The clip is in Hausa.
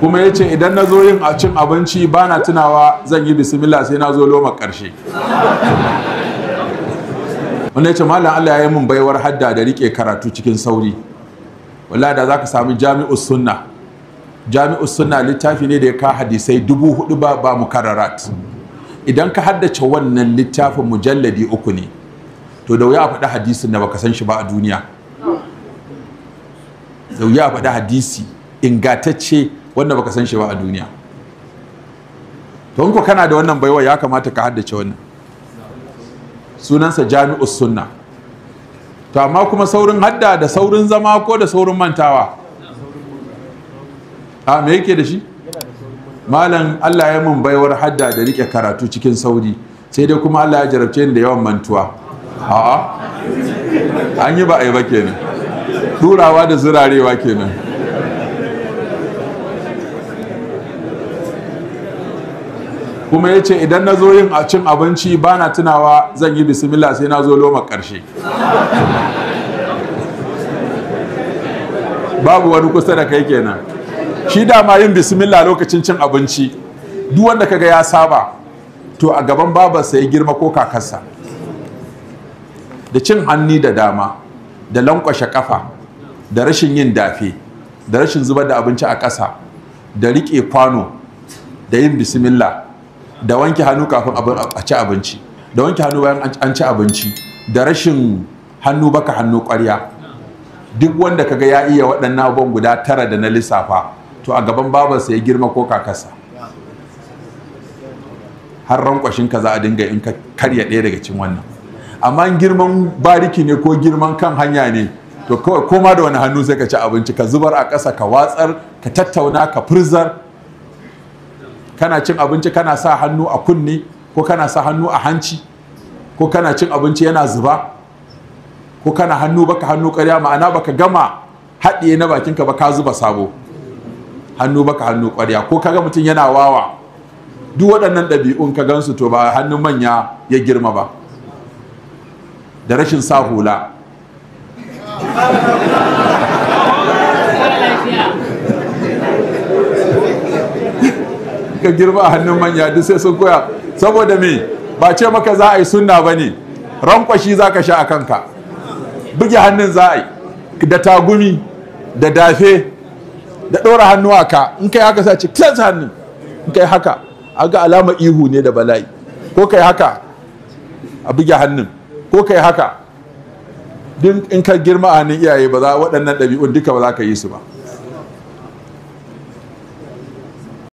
kuma ya ce idan na zo yin cin abinci ba na tunawa zan yi bismillah sai na zo loma ƙarshe wanda ya ce malam Allah ya yi min baiwar hadda da rike karatu cikin sauri wala da zaka sami jami'us sunna jami'us sunna littafi ne da ya ka hadisai dubu hudu ba ba mukarrarat idan ka haddace wannan littafin mujalladi uku ne to da wuya a faɗi hadisin da baka san shi ba a duniya da wuya a faɗi hadisi ingatacce wanda baka san shi ba a duniya to ko kana da wannan baiwa ya kamata ka haddace wannan sunansa jami'us sunna to amma kuma saurin hadda da saurin zama ko da saurin mantawa a me yake da shi malam Allah ya mun baiwar hadda da rike karatu cikin sauri sai dai kuma Allah ya jarabce ni da yawan mantuwa a'a an yi ba a ba kenan durawa da zurarewa kenan kuma ya ce idan na zo yin cin abinci ba na tunawa zan yi bismillah sai na zo loma ƙarshe babu wani kusa da kai kenan shi dama yin bismillah lokacin cin abinci duk wanda kaga ya saba to a gaban babarsa ya girma ko kakarsa da cin hannu da dama da lankwashe kafa da rashin yin dafe da rashin zubar da abinci a ƙasa da riƙe kwano da yin bismillah da wanke hannu kafin a ci abinci da wanke hannu bayan an ci abinci da rashin hannu baka hannu ƙwarya duk wanda ka ga ya iya waɗannan abubuwan guda tara da na lissafa to a gaban babarsa ya girma ko kakasa har rankwashin ka za a dinga in ka karya ɗaya daga cin wannan amma girman bariki ne ko girman kan hanya ne to kawai koma da wani hannu sai ka ci abinci ka zubar a ƙasa ka watsar ka tattauna ka furzar kana cin abinci kana sa hannu a kunne, ko kana sa hannu a hanci ko kana cin abinci yana zuba ko kana hannu baka hannu ƙarya ma'ana baka gama haɗiye na bakinka ba ka zuba sabo hannu baka hannu ƙarya ko kaga mutum yana wawa duk waɗannan ɗabi'un ka gansu to ba hannun manya ya girma ba da rashin sa hula ka girma a hannun manya duk sai sun koya saboda me ba ce maka za a yi sunna ba ne rankwashi za ka sha a kanka buge hannun za a yi da tagumi da dafe da ɗora hannu a ka in kai haka sa ce tas hannun in kai haka ga alama ihu ne da bala'i ko kai haka a buge hannun ko kai haka in ka girma a hannun iyaye ba za waɗannan ɗabi'un duka ba za ka yi su ba